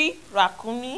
three